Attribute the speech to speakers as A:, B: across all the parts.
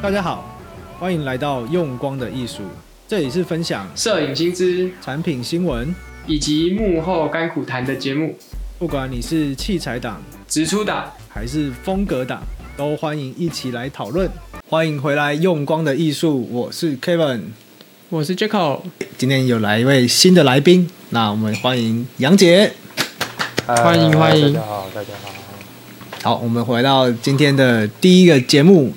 A: 大家好，歡迎來到用光的藝術，這裡是分享攝影新知、產品新聞以及幕後甘苦談的節目。不管你是器材黨、直出黨還是風格黨，都歡迎一起來討論。歡迎回來用光的藝術，我是 Kevin，我是 Jacko。今天有來一位新的來賓，那我們歡迎楊杰、呃。歡迎歡迎、呃，大
B: 家好，
A: 大家好。好，我們回到今天的第一個節目。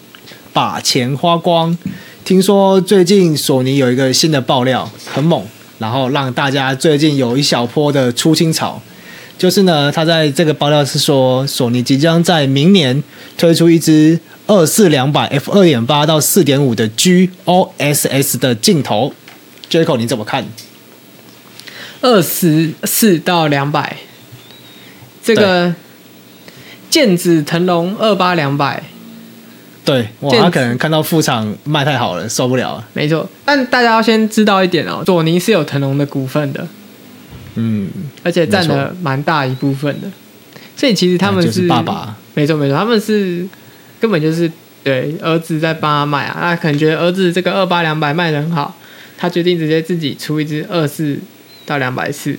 A: 把錢花光。聽說最近索尼有一個新的爆料，很猛，然後讓大家最近有一小波的出清潮。就是呢，他在這個爆料是說，索尼即將在明年推出一支二四兩百 f 二點八到四點五的 g o s s 的鏡頭。傑克，你怎麼看？二
C: 十四到兩百，這個劍指騰龍二八兩百。
A: 對，他可能看到副廠賣太好了，受不了了。
C: 沒錯，但大家要先知道一點哦，索尼是有騰龍的股份的，嗯，而且佔了蠻大一部分的，所以其實他們是、嗯就是、爸爸，沒錯沒錯，他們是根本就是對兒子在幫他賣啊，他可能覺得兒子這個二八兩百賣得很好，他決定直接自己出一只二四到兩百四。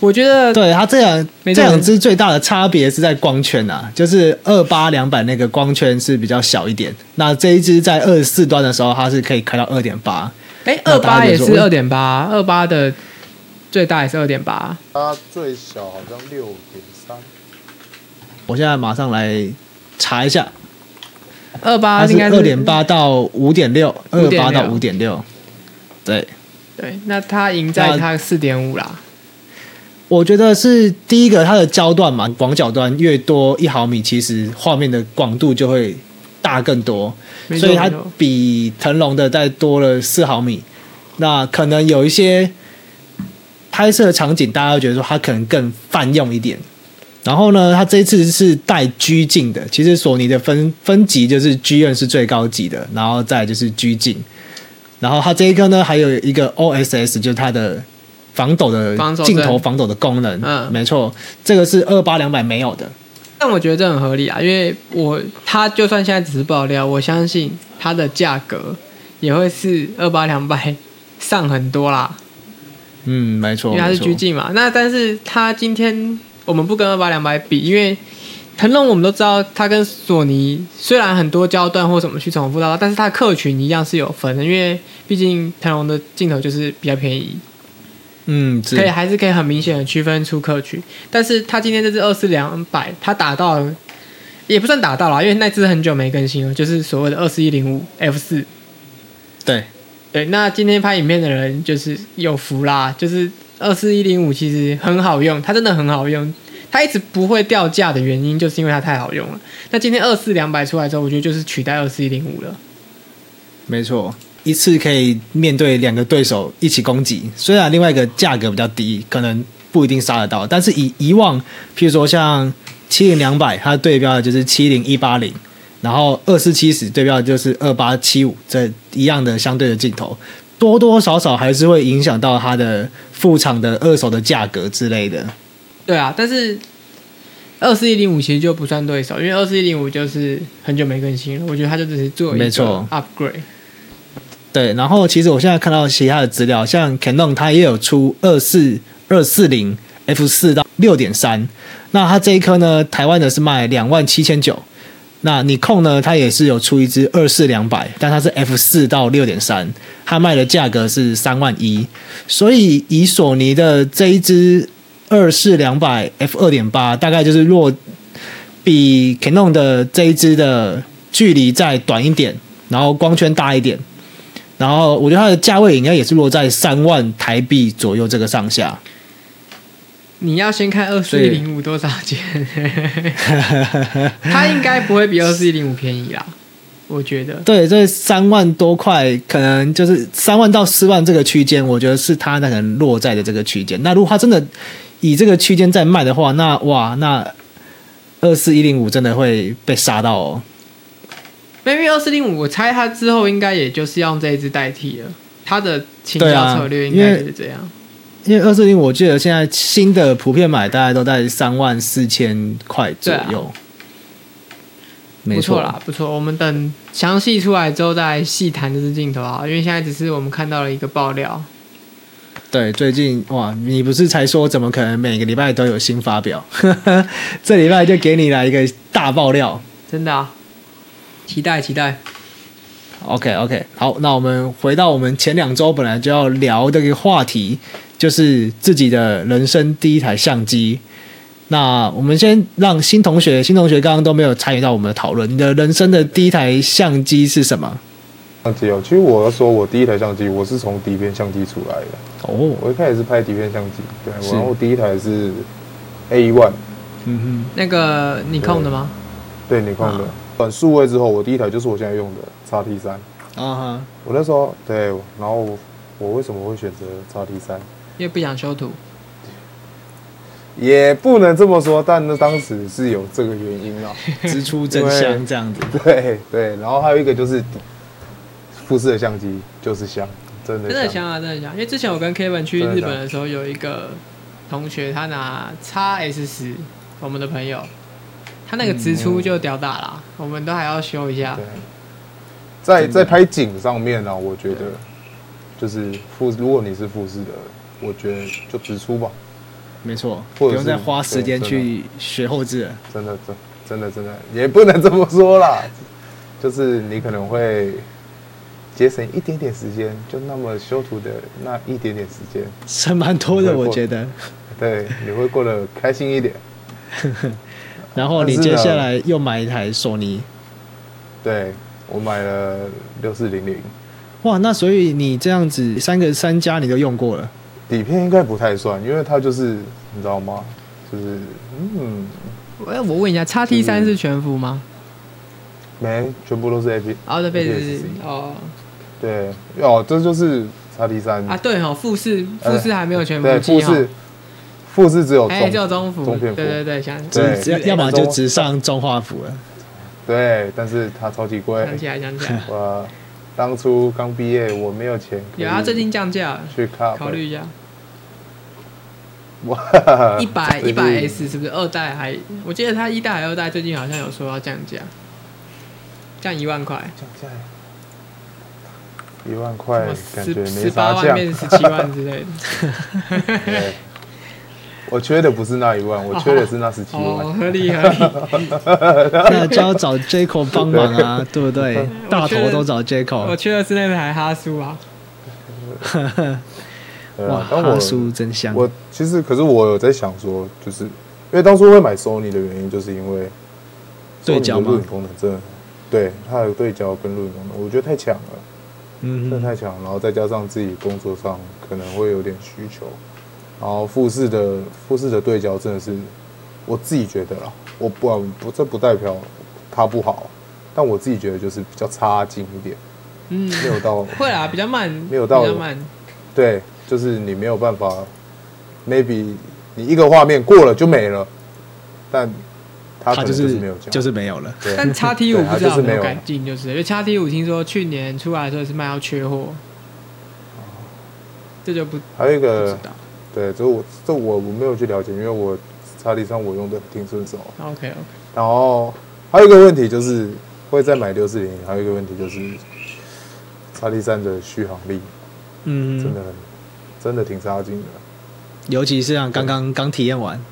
C: 我覺得
A: 對，對它這兩這兩隻最大的差別是在光圈啊，就是二八兩百那個光圈是比較小一點，那這一隻在二十四端的時候，它是可以開到二點八，
B: 哎，二八也是二
A: 點八，二八的最大也是二點八，它
B: 最小好像六點三，
A: 我現在馬上來查一下，
C: 二八應該是二點八
A: 到五點六，二八到五點六，對，對，
C: 那它贏在它四點五啦。
A: 我覺得是第一個，它的焦段嘛，廣角端越多一毫米，其實畫面的廣度就會大更多，所以它比騰龍的再多了四毫米。那可能有一些拍攝場景，大家都覺得說它可能更泛用一點。然後呢，它這一次是帶 G 鏡的，其實索尼的分分級就是 GM 是最高級的，然後再來就是 G 鏡。然後它這一顆呢，還有一個 O S S，就是它的。防抖的鏡頭防抖的功能，嗯，沒錯，這個是二八兩百沒有的。
C: 但我覺得這很合理啊，因為我它就算現在只是爆料，我相信它的價格也會是二八兩百上很多啦。
A: 嗯，沒
C: 錯，因為它是 G 鏡嘛。那但是它今天我們不跟二八兩百比，因為騰龍我們都知道，它跟索尼雖然很多焦段或什麼去重複到，但是它的客群一樣是有分的，因為畢竟騰龍的鏡頭就是比較便宜。嗯，可以還是可以很明顯的區分出客群，但是他今天這支二四兩百，他打到也不算打到啦，因為那支很久沒更新了，就是所謂的二四一零五 F 四。對，對，那今天拍影片的人就是有福啦，就是二四一零五其實很好用，它真的很好用，它一直不會掉價的原因就是因為它太好用了。那今天二四兩百出來之後，我覺得就是取代二四一零五了。
A: 沒錯。一次可以面對兩個對手一起攻擊，雖然另外一個價格比較低，可能不一定殺得到，但是以以往，譬如說像七零兩百，它對標的就是七零一八零，然後二四七零對標的就是二八七五，這一樣的相對的鏡頭，多多少少還是會影響到它的副廠的二手的價格之類的。
C: 對啊，但是二四一零五其實就不算對手，因為二四一零五就是很久沒更新了，我覺得它就只是做一個 upgrade。
A: 對，然後其實我現在看到其他的資料，像 Canon 它也有出二四二四零 F 四到六點三，那它這一顆呢，台灣的是賣兩萬七千九，那 Nikon 呢，它也是有出一支二四兩百，但它是 F 四到六點三，它賣的價格是三萬一，所以以索尼的這一支二四兩百 F 二點八，大概就是弱比 Canon 的這一支的距離再短一點，然後光圈大一點。然後我覺得它的價位應該也是落在三萬台幣左右這個上下。
C: 你要先看二四一零五多少錢，它 應該不會比二四一零五便宜啦， 我覺得。
A: 對，這三萬多塊，可能就是三萬到四萬這個區間，我覺得是它可能落在的這個區間。那如果它真的以這個區間在賣的話，那哇，那二四一零五真的會被殺到。哦。
C: maybe 二四零五，我猜他之後應該也就是用這一支代替了他的清焦策略，應該是這樣、
A: 啊。因為二四零五，我記得現在新的普遍買大概都在三萬四千塊左右、啊，沒錯,不錯啦，
C: 不錯。我們等詳細出來之後再細談這支鏡頭啊，因為現在只是我們看到了一個爆料。
A: 對，最近哇，你不是才說怎麼可能每個禮拜都有新發表？ 這禮拜就給你來一個大爆料，真的啊！期待期待，OK OK，好，那我們回到我們前兩周本來就要聊的一個話題，就是自己的人生第一台相機。那我們先讓新同學，新同學剛剛都沒有參與到我們的討論，你的人生的第一台相機是什麼？
B: 相機哦，其實我要說，我第一台相機我是從底片相機出來的哦，我一開始是拍底片相機，對，然後我第一台是 A1，嗯哼，
C: 那個你控的嗎？
B: 對，對你控的。啊轉數位之後，我第一台就是我現在用的 X T 三。啊哈！Uh -huh. 我那時候對，然後我，我為什麼會選擇 X T 三？
C: 因為不想修圖，
B: 也不能這麼說，但那當時是有這個原因啦，直 出真香這樣子。對對，然後還有一個就是富士的相機就是香，真的香真的香啊，真的香！
C: 因為之前我跟 Kevin 去日本的時候，有一個同學他拿 X S 十，我們的朋友。他那個直出就屌打了、嗯，我們都還要修一下。
B: 對，在在拍景上面呢、啊，我覺得就是富如果你是富士的，我覺得就直出吧。沒錯，不用再花時間去學後製。真的真真的真的也不能這麼說啦，就是你可能會節省一點點時間，就那麼修圖的那一點點時間，省蠻多的。我覺得，對，你會過得開心一點。
A: 然後你接下來又買一台索尼，
B: 對我買了六四零零。
A: 哇，那所以你這樣子三個三家你
B: 都用過了。底片應該不太算，因為它就是你知道嗎？就是
C: 嗯，哎，我問一下，X T 三是全幅嗎？
B: 沒，全部都是 A P。哦，A P C 對，哦，這就是 X T 三啊。對
C: 哦，富士富士還沒有全幅、欸。對富士。
B: 哦不是只有中叫，欸、中，幅，中片幅，對對對，想，要麼就只上中畫幅了。對，但是它超級貴。想起來，想起來，哇！當初剛畢業，我沒有錢。有啊，最近降價了，去考慮
C: 一下。哇，
B: 一百一百 S
C: 是不是二代還？我記得它一代還二代，最近好像有說要降價，降一萬塊。降價。
B: 一萬塊感覺沒法降，十,八萬十七萬之類的。我缺的不是那一萬，我缺的是那十七萬。哦哦、 那就要找 Jaco 幫忙啊，對，對，對不對？我大頭都找 Jaco。我
C: 缺的是那台哈蘇啊。 哇，
B: 哈蘇真香。我其實，可是我有在想說，就是因為當初會買 Sony 的原因，就是因為對焦、錄影功能真的，對它有對焦跟錄影功能，我覺得太強了，嗯，真的太強。然後再加上自己工作上可能會有點需求。然後富士的富士的對焦真的是我自己覺得啦，我不不這不代表它不好，但我自己覺得就是比較差勁一點，嗯，沒有到會
C: 啊，比較慢，沒有到比較慢，
B: 對，就是你沒有辦法，maybe 你一個畫面過了就沒了，但它就是沒有、就是，就是沒有了。 但 X T 五不知道有沒有改
C: 進、就是， 就是因為 X T 五聽說去年出來的時候是賣到缺貨，啊，這就不還有
B: 一個。對，這我這我我沒有去了解，因為我叉 D 三我用的挺順手的。OK OK。然後還有一個問題就是會再買六四零，還有一個問題就是叉 D 三的續航力，嗯，真的真的挺差勁的。尤其是像剛剛剛體驗完，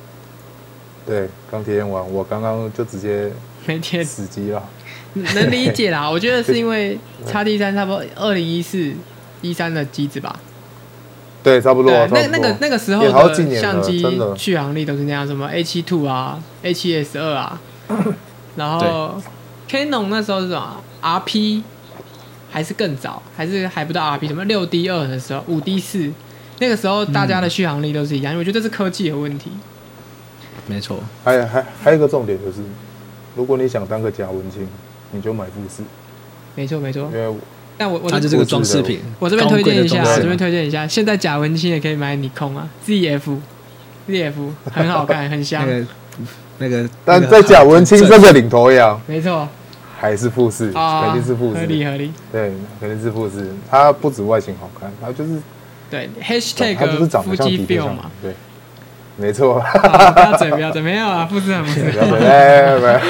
B: 對，剛體驗完，我剛剛就直接沒電死機了。
C: 能理解啦， 我覺得是因為叉 D 三差不多二零一四一三的機子吧。
B: 對,差、啊對，差不多。那那個那個時候的相機續
C: 航力都是那樣，什麼 A 七 Two 啊，A 七 S 二啊， 然後 Canon 那時候是什麼、啊、RP，還是更早，還是還不到 RP，什麼六 D 二的時候，五 D 四，那個時候大家的續航力都是一樣，因、嗯、為我覺得這是科技的問題。
B: 沒錯。還還還有一個重點就是，如果你想當個假文青，你就買富士。
C: 沒錯沒錯。因為但我我、啊、就是這個裝飾品。我這邊推薦一下，我這邊推薦一,一下。現在假文青也可以買 Nikon 啊，Z F，Z F 很好看，很像、 那個、
B: 那個，但在假文青這個領頭羊。沒錯，還是富士、啊，肯定是富士，合、啊、理合理。對，肯定是富士、嗯，它不止外形好看，它就是
C: 對 Hashtag，他不是長得像皮特嗎？對。沒錯、啊，不要嘴，不要嘴，沒有啊，不是很不是，不欸、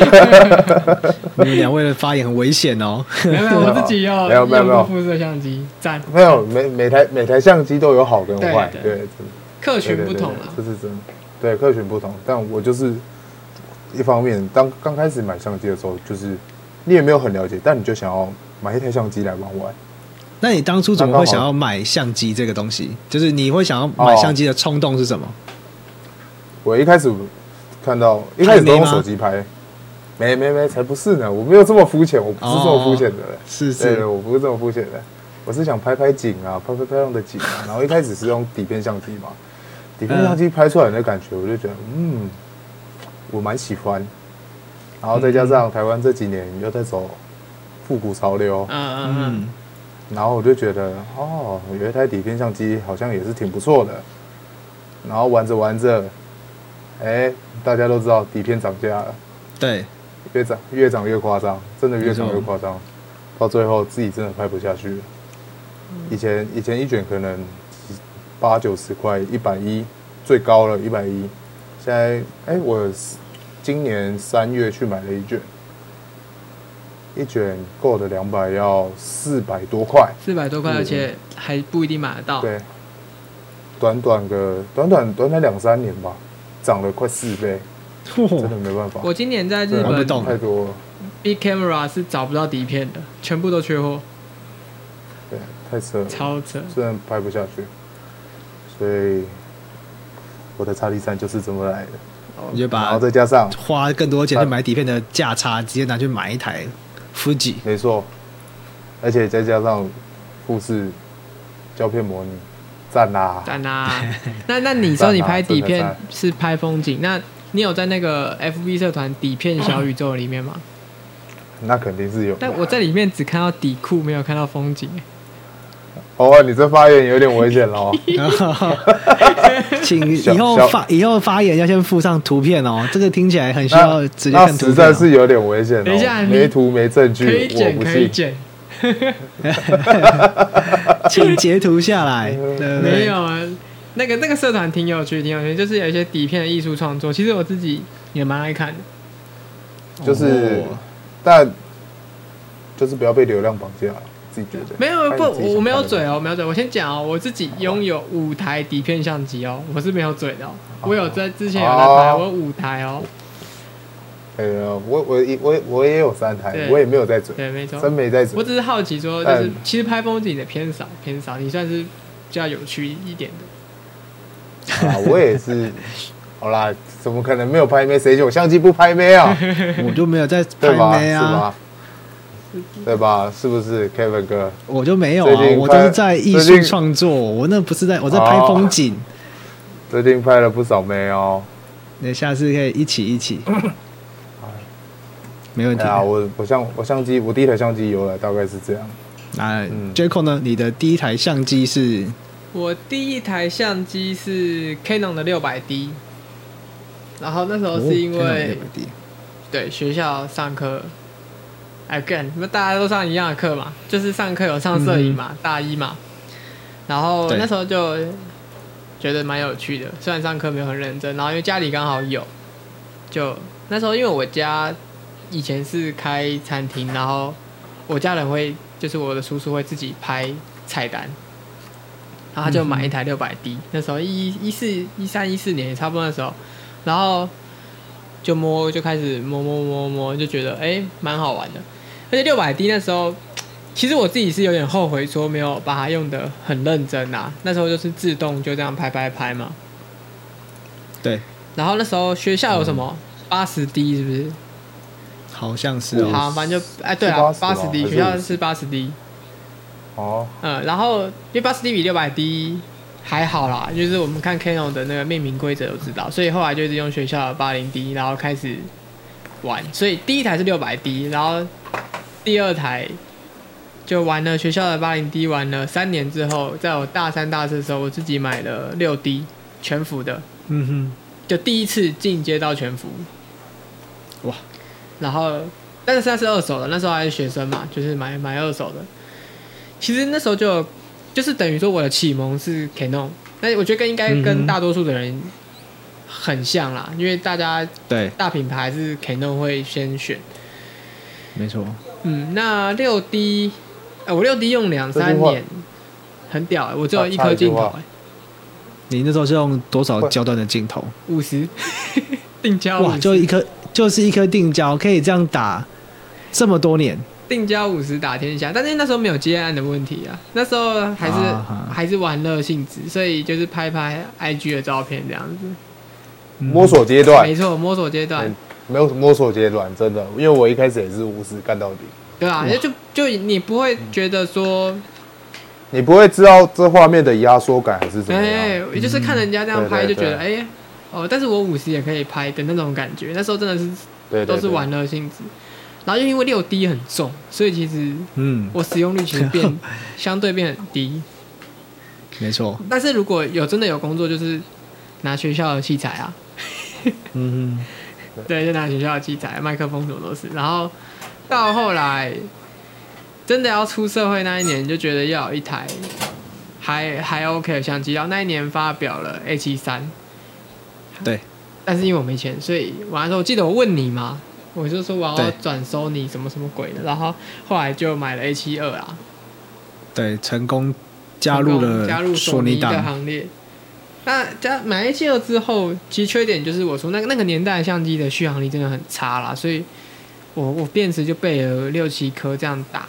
C: 你們兩
A: 位的發言很危險哦，沒有。沒
B: 有，我自己要用過富士相機，沒有，沒有
C: 沒有沒有，每
B: 每，每台每台相機都有好跟壞，對，對，對，對，對，對。客群不同了、啊，這是真的。對，客群不同，但我就是一方面，當剛開始買相機的時候，就是你也沒有很了解，但你就想要買一台相機來玩玩。
A: 那你當初怎麼會想要買相機這個東西？就是你會想要買相機的衝動是什麼？
B: 我一開始看到，一開始都用手機拍沒，沒沒沒，才不是呢！我沒有這麼膚淺，我不是這麼膚淺的哦哦。是是，我不是這麼膚淺的。我是想拍拍景啊，拍拍漂亮的景啊。然後一開始是用底片相機嘛，底片相機拍出來的感覺，我就覺得嗯，嗯，我蠻喜歡。然後再加上台灣這幾年又在走復古潮流，嗯嗯嗯，嗯然後我就覺得哦，有一台底片相機好像也是挺不錯的。然後玩着玩着。哎、欸，大家都知道底片漲價了，對，越漲越漲越誇張，真的越漲越誇張，到最後自己真的拍不下去了，嗯。以前以前一卷可能八九十塊，一百一最高了一百一，110，現在哎、欸，我今年三月去買了一卷，一卷夠的兩百要四百多塊，
C: 四百多塊，嗯，而且還不一定買得到，
B: 對，短短個短短短短兩三年吧。漲了快四倍，哦、真的沒辦法。我今年在日本，我不懂太多了。
C: B camera 是找不到底片的，
B: 全部都缺貨。對，太扯了，超扯，雖然拍不下去。所以我的 X-T3 就是這麼來的，你就把
A: 再加上花更多錢去買底片的價差、差，直接拿去買一台
B: 富士，沒錯。而且再加上富士膠片模擬。讚吶、啊，讚吶、啊！那那你說你拍底片
C: 是拍風景？啊、那你有在那個 FB 社團底片小宇宙裡面嗎？
B: 那肯定是有。但
C: 我在裡面只看到底褲，沒有看到風景。
B: 哦，你這發言有點危險哦。 請以後發
A: 以
C: 後發言要先附
A: 上圖片哦。這個聽起來很需要直接看圖，實在是有
B: 點危險、哦。等一下，沒圖沒證據，我不信哈
A: 請截圖下來。 對對，沒
C: 有啊，那個那個社團挺有趣，挺有趣，就是有一些底片的藝術創作。其實我自己也蠻愛看的。就是、
B: 哦、但就是不要被流量綁架，自己覺得。對。沒有，不，我沒
C: 有嘴哦、喔，沒有嘴。我先講哦、喔，我自己擁有五台底片相機哦、喔，我是沒有嘴的、喔哦，我有在之前有在拍，我有五台哦、喔。
B: 哎呦，我我我我也有三台，我也沒有在準，真沒在準。我只是
C: 好奇說，就是其實拍風景的偏少偏少，你算是比較有趣一點的。
B: 啊，我也是。 好啦，怎麼可能沒有拍妹？誰說我相機不拍妹啊？我
A: 就沒有在拍妹啊對吧，是吧
B: 是。對吧？是不是 Kevin 哥？我就沒有、啊最近，我都是在藝術
A: 創作、哦。我那不是在，我在拍風
B: 景。最近拍了不少妹哦。那下次可以一起一起。 沒問題啊，欸、啊我我，我相我相機，我第一台相機由來大概是這樣。
A: 那、啊嗯、Jaco 呢？你的第一台相機是？
C: 我第一台相機是 Canon 的 600D，然後那時候是因為、哦、對學校上課，again，因為大家都上一樣的課嘛，就是上課有上攝影嘛、嗯，大一嘛，然後那時候就覺得蠻有趣的，雖然上課沒有很認真，然後因為家裡剛好有，就那時候因為我家。以前是開餐廳，然後我家人會，就是我的叔叔會自己拍菜單，然後他就買一台六百 D，那時候一一四一三一四年也差不多那時候，然後就摸就開始摸摸摸摸，就覺得誒，蠻、欸、好玩的，而且六百 D 那時候其實我自己是有點後悔說沒有把它用得很認真吶、啊。那時候就是自動就這樣拍拍拍嘛，
A: 對，
C: 然後那時候學校有什麼八十 D 是不是？好像是，哦！好，反正就，哎，欸，對啊，八十 D，學校是八十 D，哦，嗯，然後因為八十 D 比六百 D 還好啦，就是我們看 Canon 的那個命名規則都知道，所以後來就一直用學校的八零 D，然後開始玩，所以第一台是六百 D，然後第二台就玩了學校的八零 D，玩了三年之後，在我大三大四的時候，我自己買了六 D 全幅的，嗯哼，就第一次進階到全幅，哇。然後，但是現在是二手的。那時候還是學生嘛，就是買買二手的。其實那時候就有就是等於說我的啟蒙是 Canon，那我覺得跟應該跟大多數的人很像啦，嗯嗯因為大家對大品牌，是 Canon 會先選。
A: 沒錯。嗯，
C: 那六 D，、哦、我六 D 用兩三年，很屌、欸，我只有一顆鏡頭
A: 哎、欸。你那時候是用多少焦段的鏡頭？
C: 五十 定焦哇，就
A: 一顆。就是一顆定焦，可以這樣打這麼多年。
C: 定焦五十打天下，但是那時候沒有接案的問題啊，那時候還是啊啊啊還是玩樂性質，所以就是拍拍 IG 的照片這樣子。
B: 摸索階段，嗯、沒錯，摸索階段沒有、嗯、摸索階段，真的，因為我一開始也是五十幹到底。
C: 對啊，嗯、就就你不會覺得說，嗯、
B: 你不會知道這畫面的壓縮感還是怎麼樣，也就是看人家這樣拍就覺得哎。欸
C: 哦，但是我五十也可以拍的那種感覺，那時候真的是，對，都是玩樂性質。然後就因為六 D 很重，所以其實，嗯，我使用率其實變相對變很低。
A: 沒、嗯、錯。
C: 但是如果有真的有工作，就是拿學校的器材啊， 嗯，對，就拿學校的器材，麥克風什麼都是。然後到後來真的要出社會那一年，就覺得要有一台還還 OK 的相機。然後那一年發表了 A 七三。對，但是因為我沒錢，所以完了之後，我記得我問你嘛，我就說我要轉索尼什麼什麼鬼的，然後後來就買了 A 七二啦。
A: 對，成功加入了加入索尼的行
C: 列。那加買 A 七二之後，其實缺點就是我說那個那個年代相機的續航力真的很差啦，所以我我電池就備了六七顆這樣打，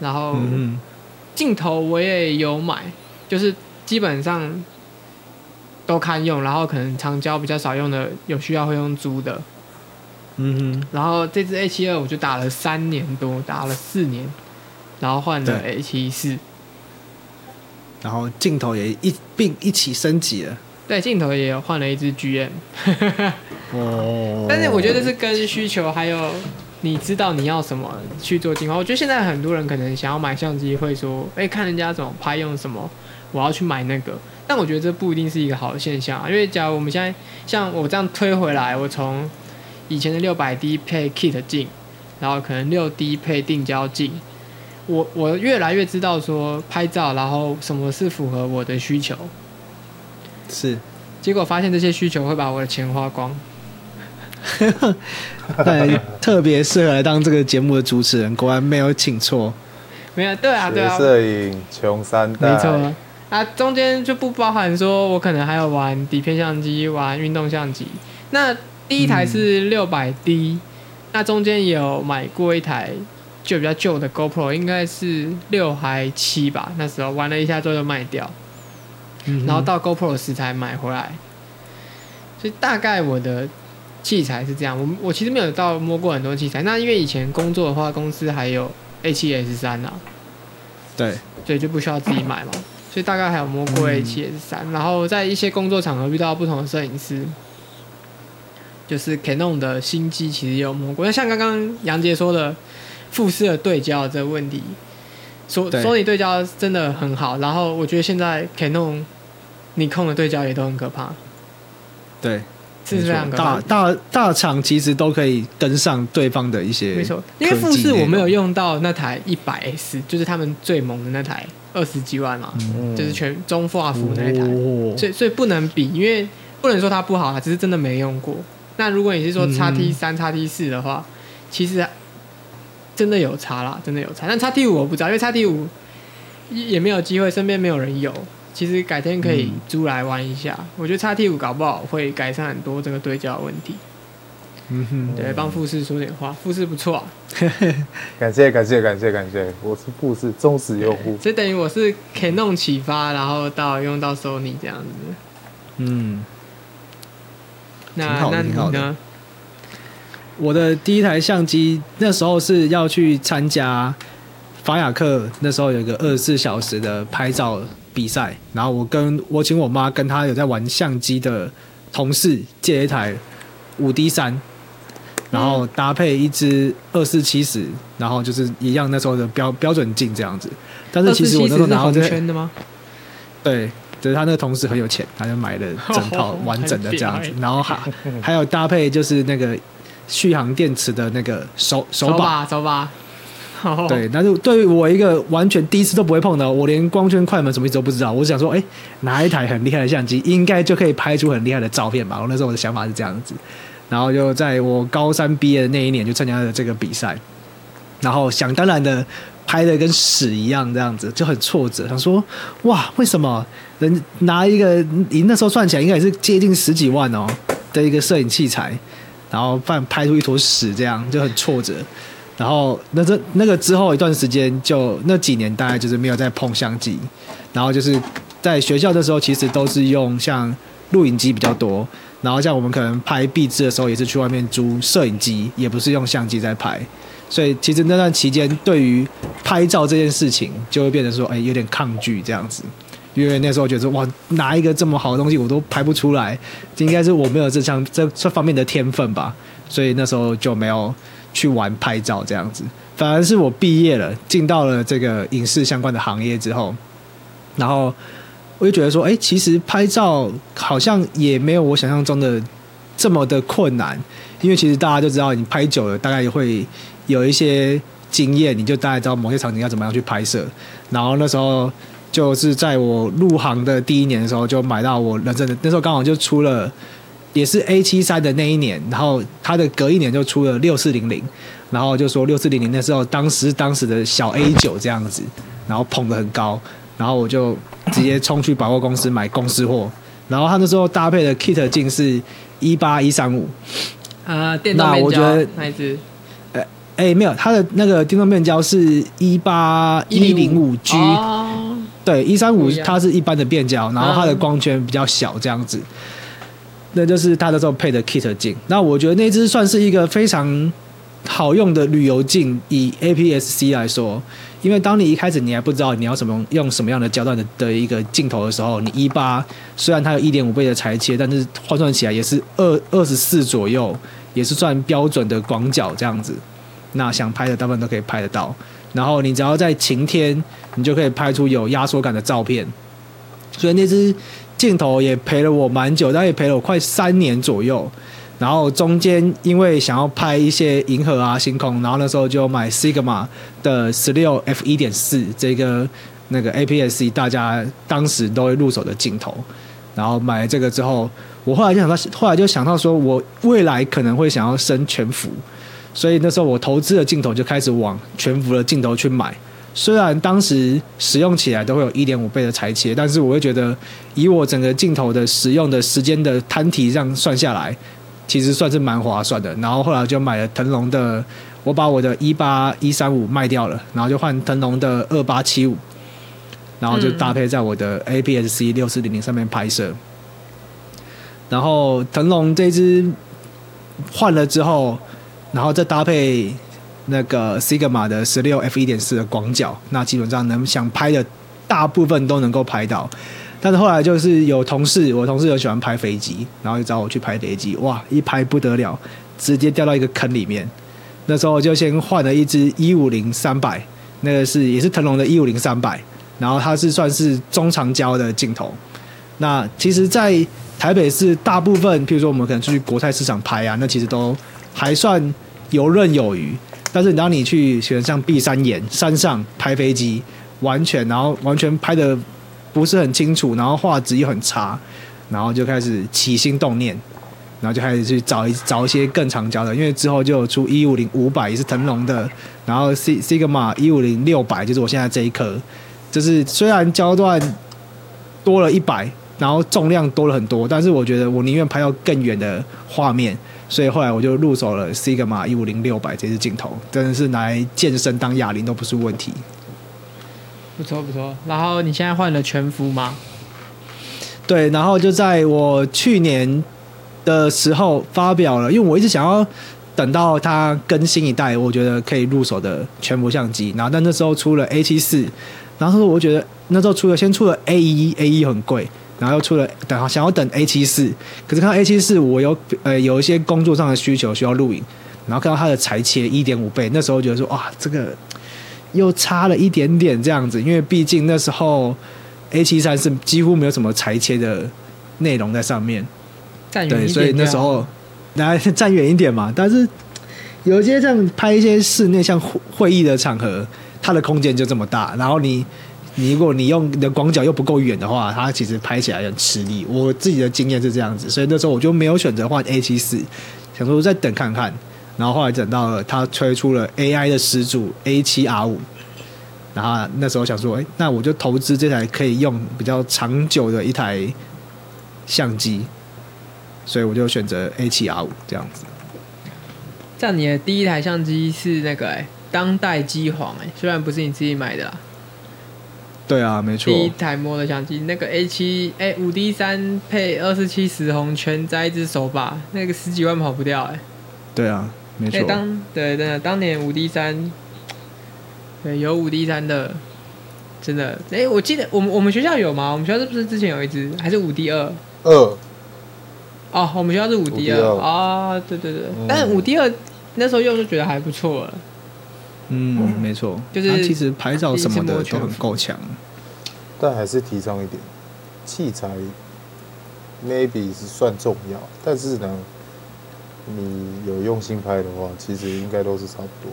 C: 然後鏡頭我也有買，嗯嗯就是基本上。都堪用，然後可能長焦比較少用的，有需要會用租的，嗯哼，然後這支 A 七二我就打了三年多，打了四年，然後換了 A 七四，
A: 然後鏡頭也一併一起升級了，
C: 對，鏡頭也有換了一支 GM， 哦，
A: 但是我覺得這是
C: 跟需求還有你知道你要什麼去做進化，我覺得現在很多人可能想要買相機，會說，哎，看人家怎麼拍用什麼，我要去買那個。但我覺得這不一定是一個好的現象啊，因為假如我們現在像我這樣推回來，我從以前的六百 D 配 kit 鏡，然後可能六 D 配定焦鏡，我我越來越知道說拍照，然後什麼是符合我的需求。是，結果發現這些需求會把我的錢花光。
A: 對 特別適合來當這個節目的主持人，果然沒有請錯，
C: 沒有對啊對啊！學攝
B: 影窮三代，沒錯。
C: 啊，中間就不包含說，我可能還有玩底片相機，玩運動相機。那第一台是六百 D，那中間有買過一台就比較舊的 GoPro，應該是六還七吧。那時候玩了一下之後就賣掉嗯嗯，然後到 GoPro 十才買回來。所以大概我的器材是這樣。我我其實沒有到摸過很多器材。那因為以前工作的話，公司還有 A 七 S 三啊，
A: 對，
C: 所以就不需要自己買嘛。所以大概還有摸過 A7S3，然後在一些工作場合遇到不同的攝影師，就是 Canon 的新機其實也有摸過，那像剛剛楊杰說的富士的對焦這個問題，Sony 對焦真的很好，然後我覺得現在 Canon Nikon 的對焦也都很可怕，
A: 對。是這樣，大大大廠其實都可以跟上對方的一些。沒錯，因為富士我沒有
C: 用到那台一百 S，就是他們最猛的那台二十幾萬嘛、嗯，就是全中畫幅那台，哦、所以所以不能比，因為不能說它不好啊，只是真的沒用過。那如果你是說叉 T 三、叉 T 四的話，其實真的有差啦，真的有差。但叉 T 五我不知道，因為叉 T 五也沒有機會，身邊沒有人有。其實改天可以租來玩一下，嗯、我覺得 X-T5 搞不好會改善很多這個對焦的問題。嗯哼，對，幫富士說點話，富士不錯、啊。 感謝
B: 感謝感謝感謝，我是富士忠實用戶。
C: 這等於我是 Canon 啟發，然後到用到索尼這樣子。嗯，那好那，那你呢
B: 好？
A: 我的第一台相機那時候是要去參加法雅克，那時候有一個二十四小時的拍照比賽，然後我跟我請我媽跟她有在玩相機的同事借一台五 D 三，然後搭配一支二四七十，然後就是一樣那時候的標標準鏡這樣子。但是其實我那時候拿這個。對，就是他那個同事很有錢，他就買了整套完整的這樣子，哦、然後還有還有搭配就是那個續航電池的那個手手把手把。手把手
C: 把對，
A: 那就對於我一個完全第一次都不會碰到，我連光圈、快門什麼意思都不知道。我想說，哎，拿一台很厲害的相機，應該就可以拍出很厲害的照片吧？我那時候我的想法是這樣子，然後就在我高三畢業的那一年就參加了這個比賽，然後想當然的拍得跟屎一樣，這樣子就很挫折。想說，哇，為什麼人拿一個，那時候算起來應該也是接近十幾萬哦的一個攝影器材，然後半拍出一坨屎這樣，就很挫折。然後那這那個之後一段時間就，就那幾年大概就是沒有再碰相機。然後就是在學校的時候，其實都是用像錄影機比較多。然後像我們可能拍壁紙的時候，也是去外面租攝影機，也不是用相機在拍。所以其實那段期間，對於拍照這件事情，就會變成說，哎，有點抗拒這樣子。因為那時候覺得說，哇，拿一個這麼好的東西，我都拍不出來，應該是我沒有這相這這方面的天分吧。所以那時候就沒有。去玩拍照這樣子，反而是我畢業了，進到了這個影視相關的行業之後，然後我就覺得說，誒、欸，其實拍照好像也沒有我想象中的這麼的困難，因為其實大家就知道，你拍久了，大概也會有一些經驗，你就大概知道某些場景要怎麼樣去拍攝。然後那時候就是在我入行的第一年的時候，就買到我人生的那時候剛好就出了。也是 A 七三的那一年，然後它的隔一年就出了六四零零，然後就說六四零零那時候，當時當時的小 A 九這樣子，然後捧得很高，然後我就直接衝去百貨公司買公司貨，然後他那時候搭配的 kit 鏡是一八一三五，
C: 啊、呃，電動變焦，那我覺得，哪一只？
A: 呃，哎，沒有，它的那個電動變焦是一八一零五 G，對，一三五它是一般的變焦，yeah. 然後它的光圈比較小這樣子。那就是他的這種配的 kit 鏡，那我覺得那只算是一個非常好用的旅遊鏡，以 APS-C 來說，因為當你一開始你還不知道你要什麼用什麼樣的焦段的的一個鏡頭的時候，你一八雖然它有一點五倍的裁切，但是換算起來也是二二十四左右，也是算標準的廣角這樣子，那想拍的大部分都可以拍得到，然後你只要在晴天，你就可以拍出有壓縮感的照片，所以那只。鏡頭也陪了我蠻久，但也陪了我快三年左右。然後中間因為想要拍一些銀河啊、星空，然後那時候就買 Sigma 的16 F 1.4這個那個 APS-C，大家當時都會入手的鏡頭。然後買了這個之後，我後來就想到，後來就想到說我未來可能會想要升全幅，所以那時候我投資的鏡頭就開始往全幅的鏡頭去買。雖然當時使用起來都會有一點五倍的裁切，但是我會覺得以我整個鏡頭的使用的時間的攤體上算下來，其實算是蠻划算的。然後後來就買了騰龍的，我把我的一八一三五賣掉了，然後就換騰龍的二八七五，然後就搭配在我的 APS-C 六四零零上面拍攝。嗯。然後騰龍這支換了之後，然後再搭配。那個 Sigma 的十六 F 一點四的廣角，那基本上能想拍的大部分都能夠拍到。但是後來就是有同事，我同事有喜歡拍飛機，然後就找我去拍飛機，哇，一拍不得了，直接掉到一個坑裡面。那時候我就先換了一支一五零三百，那個是也是騰龍的一五零三百，然後它是算是中長焦的鏡頭。那其實，在台北市大部分，譬如說我們可能出去國泰市場拍啊，那其實都還算游刃有餘。但是，當你去選像 B 三眼山上拍飛機，完全然後完全拍得不是很清楚，然後畫質又很差，然後就開始起心動念，然後就開始去找一找一些更長焦的，因為之後就出一五零五百也是騰龍的，然後 C Sigma 一五零六百就是我現在這一顆，就是雖然焦段多了一百，然後重量多了很多，但是我覺得我寧願拍到更遠的畫面。所以後來我就入手了 Sigma 150-600這支鏡頭，真的是拿來健身當啞鈴都不是問題。
C: 不錯不錯，然後你現在換了全幅嗎？
A: 對，然後就在我去年的時候發表了，因為我一直想要等到它更新一代，我覺得可以入手的全幅相機。然後但那時候出了 A74，然後我覺得那時候出了，先出了 A1 A1 很貴。然後又出了等想要等 A 七四，可是看到 A 七四，我有呃有一些工作上的需求需要錄影，然後看到它的裁切一點五倍，那時候我覺得說哇，這個又差了一點點這樣子，因為畢竟那時候 A 七三是幾乎沒有什麼裁切的內容在上面。站遠一點。對，所以那時候來站遠一點嘛，但是有一些這樣拍一些室內像會議的場合，它的空間就這麼大，然後你。你如果你用你的廣角又不夠遠的話，它其實拍起來很吃力。我自己的經驗是這樣子，所以那時候我就沒有選擇換 A 七四，想說再等看看。然後後來等到了它推出了 AI 的始祖 A 七 R 五，然後那時候想說，哎、欸，那我就投資這台可以用比較長久的一台相機，所以我就選擇 A 七 R 五這樣子。
C: 像你的第一台相機是那個、欸、當代機皇哎，雖然不是你自己買的啦。
A: 對啊，沒錯。第一
C: 台摸的相機，那個 A 七，哎，五 D 三配二四七十紅圈，加一隻手把，那個十幾萬跑不掉哎、欸。
A: 對啊，沒錯、欸。當
C: 對真的，當年五 D 三，對有五 D 三的，真的哎、欸，我記得我們我們學校有嗎？我們學校是不是之前有一隻，還是五 D 二哦，我們學校是 5D2, 五 D 二啊、哦，對對對，嗯、但是五 D 二那時候用就覺得還不錯了。
B: 嗯，嗯，沒錯，就是他其實拍照什麼的都很夠強，但還是提倡一點器材，maybe 是算重要，但是呢，你有用心拍的話，其實應該都是差不多，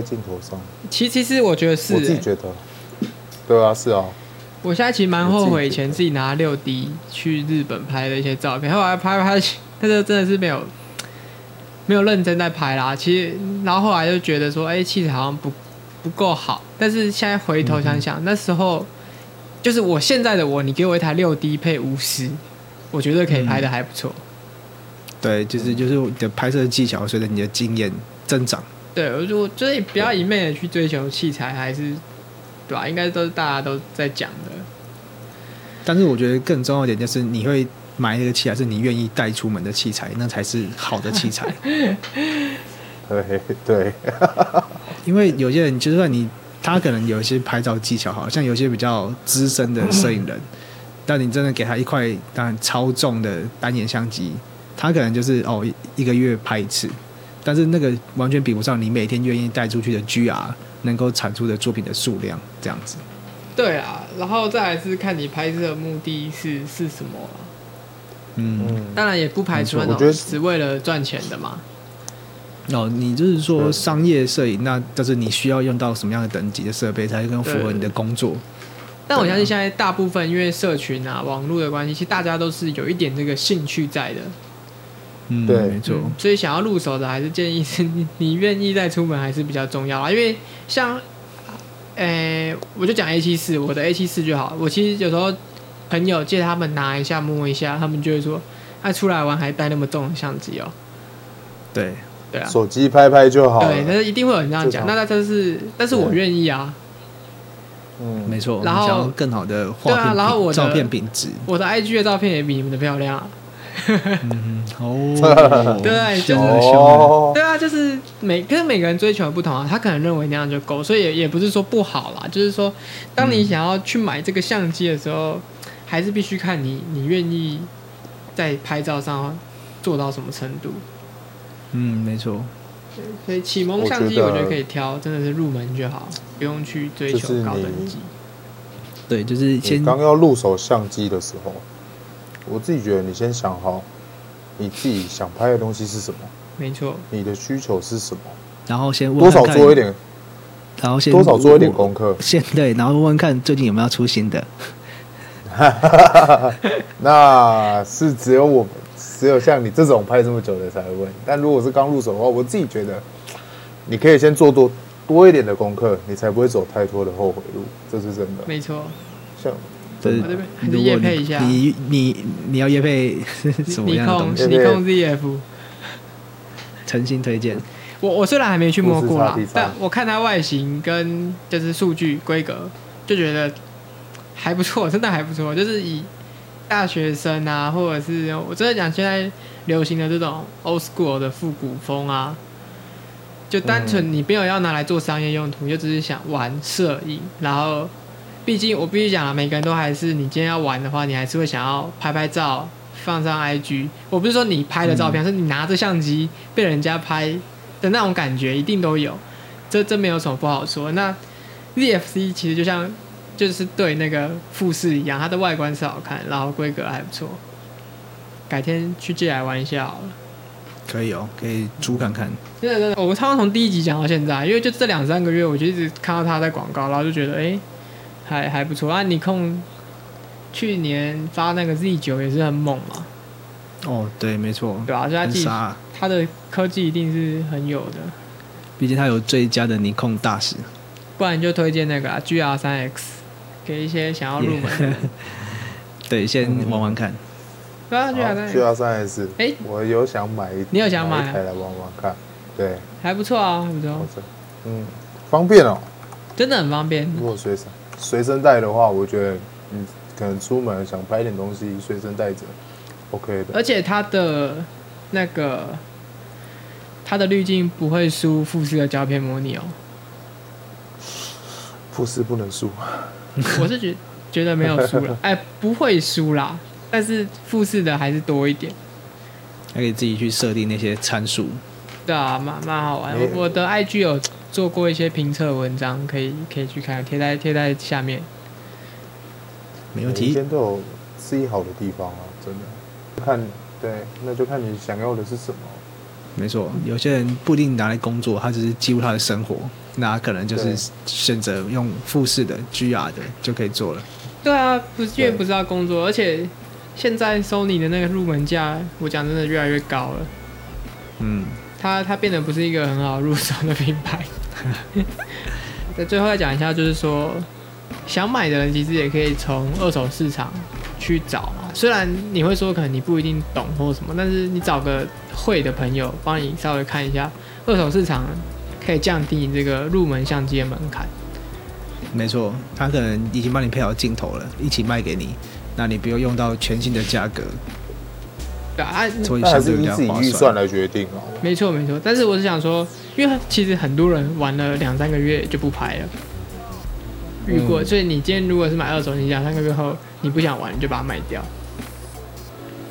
B: 在鏡頭上，
C: 其其實我覺得是、欸，我自己
B: 覺得，對啊，是啊，
C: 我現在其實蠻後悔以前自己拿六 D 去日本拍的一些照片，後來拍拍，但是真的是沒有。沒有認真在拍啦，其實，然後後來就覺得說，哎，器材好像不不夠好。但是現在回頭想想，嗯、那時候就是我現在的我，你給我一台六 D 配五十，我覺得可以拍得還不錯，嗯。
A: 對，就是就是你的拍攝技巧隨着你的經驗增長。
C: 對，我就就是不要一昧的去追求器材，還是對吧？應該都是大家都在講的。
A: 但是我覺得更重要一點就是你會。買那個器材，是你願意帶出門的器材，那才是好的器材。
B: 對 對，對
A: 因為有些人就算你他可能有一些拍照技巧好，好像有些比較資深的攝影人， 但你真的給他一塊當然超重的單眼相機，他可能就是哦一個月拍一次，但是那個完全比不上你每天願意帶出去的 GR 能夠產出的作品的數量這樣子。
C: 對啊，然後再來是看你拍攝的目的是是什麼啊？
A: 嗯，當然也不排除那種只
C: 為了賺錢的嘛。
A: 哦，你就是說商業攝影，嗯，那就是你需要用到什麼樣的等級的設備，才更符合你的工作對
C: 對對。但我相信現在大部分因為社群啊、網絡的關係，其實大家都是有一點這個興趣在的。
B: 嗯，對，沒、嗯、錯。
C: 所以想要入手的，還是建議是，你願意再出門還是比較重要啊？因為像，呃、欸，我就講 A 七四，我的 A 七四就好。我其實有時候。朋友借他們拿一下摸一下，他們就會說：“哎、啊，出來玩還帶那麼重的相機哦、喔？”
B: 對對啊，手機拍拍就好。對，但是一定會有人這樣講。那、
C: 就是、那就是，但是我願意啊。
A: 沒錯、嗯。然後更好的畫對啊，然後我的，的，片、啊、後我的照片品質，
C: 我的 IG 的照片也比你們的漂亮、啊。 嗯哦， 對，就是、哦、對啊，就是每跟每個人追求的不同啊，他可能認為那樣就夠，所以也，也不是說不好啦。就是說，當你想要去買這個相機的時候。嗯還是必須看你，你願意在拍照上做到什麼程度？
A: 嗯，
B: 沒錯。
C: 對，所以啟蒙相機我覺得可以挑，真的是入門就好，不用去追求高等級。就
B: 是、對，就是先剛要入手相機的時候，我自己覺得你先想好你自己想拍的東西是什麼，沒錯。你的需求是什麼？
A: 然後先問問多少做一點，
B: 然後先多少做一點功
A: 課、嗯。先對，然後問問看最近有沒有出新的。
B: 哈哈哈哈哈！那是只有我，只有像你這種拍這麼久的才會問。但如果是剛入手的話，我自己覺得，你可以先做多多一點的功課，你才不會走太多的後悔路。這是真的。
C: 沒錯。像，對，這你業配一下。你你
A: 你,你要業配什麼樣的東
C: 西？尼康 ZF，誠心推薦。我我雖然還沒去摸過了，但我看它外形跟就是數據規格，就覺得。還不錯，真的還不錯。就是以大學生啊，或者是我真的講現在流行的這種 old school 的復古風啊，就單純你沒有要拿來做商業用途，嗯、就只是想玩攝影。然後，畢竟我必須講了，每個人都還是你今天要玩的話，你還是會想要拍拍照，放上 IG。我不是說你拍的照片，嗯、是你拿着相機被人家拍的那種感覺，一定都有。這真沒有什麼不好說。那 ZFC 其實就像。就是對那個富士一樣，它的外觀是好看，然後規格還不錯。改天去借來玩一下好了。
A: 可以哦，可以租看看。
C: 嗯、真的真的我們剛剛從第一集講到現在，因為就這兩三個月，我就一直看到他在廣告，然後就覺得，哎，還還不錯啊。尼康去年發那個 Z 九也是很猛嘛。
A: 哦，對，沒
C: 錯，對啊、啊啊？他的科技一定是很有的，
A: 畢竟他有最佳的尼康大使。
C: 不然就推薦那個 GR 三 X。GR3X 給一些想要入門，yeah、
B: 對，先玩玩看。對、
C: 嗯、啊，去亞
B: 三也是、欸。我有想買一台你有想買、啊、買來玩玩看？對，
C: 還不錯啊，不錯。不錯，
B: 嗯，方便哦，
C: 真的很方
B: 便。如果隨身，隨身帶的話，我覺得你、嗯、可能出門想拍點東西隨帶著，隨身帶着，OK 的。而且
C: 它的那個，它的濾鏡不會輸富士的膠片模擬哦。
B: 富士不能輸。
C: 我是覺得覺得沒有輸了，哎、欸，不會輸啦，但是複試的還是多一點。
A: 可以自己去設定那些參數，
C: 對啊，蠻蠻好玩我。我的 IG 有做過一些評測文章，可以可以去看，貼在貼在下面。
B: 沒問題，每、欸、個都有 C 好的地方啊，真的。看，對，那就看你想要的是什麼。沒錯，
A: 有些人不一定拿來工作，他只是記錄他的生活。那可能就是選擇用富士的 GR 的就可以做了。
C: 對啊，不因為不知道工作，而且現在 Sony 的那個入門價，我講真的越來越高了。
B: 嗯，
C: 它它變得不是一個很好入手的品牌。那 最後再講一下，就是說想買的人其實也可以從二手市場去找啊。雖然你會說可能你不一定懂或什麼，但是你找個會的朋友幫你稍微看一下二手市場，可以降低你這個入門相機的門檻。
A: 沒錯，他可能已經幫你配好鏡頭了，一起賣給你，那你不用用到全新
B: 的價格對。啊，所以相對划算，但是你自己預算來決定哦、啊。
C: 沒錯沒錯，但是我是想說，因為其實很多人玩了兩三個月就不拍了，如果、嗯……所以你今天如果是買二手，你兩三個月後你不想玩，你就把它賣掉、嗯。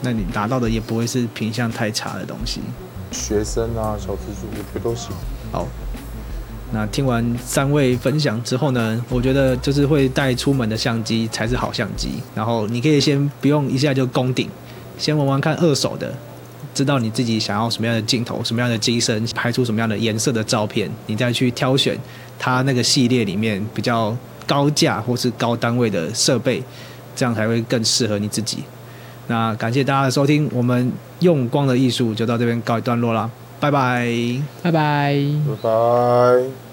A: 那你拿到的也不會是品相太差的東西。
B: 學生啊，小資族，我覺得都行。好，
A: 那聽完三位分享之後呢，我覺得就是會帶出門的相機才是好相機。然後你可以先不用一下就攻頂，先玩玩看二手的，知道你自己想要什麼樣的鏡頭、什麼樣的機身，拍出什麼樣的顏色的照片，你再去挑選它那個系列裡面比較高價或是高單位的設備，這樣才會更適合你自己。那感謝大家的收聽，我們用光的藝術就到這邊告一段落啦。拜拜，拜拜，
B: 拜拜。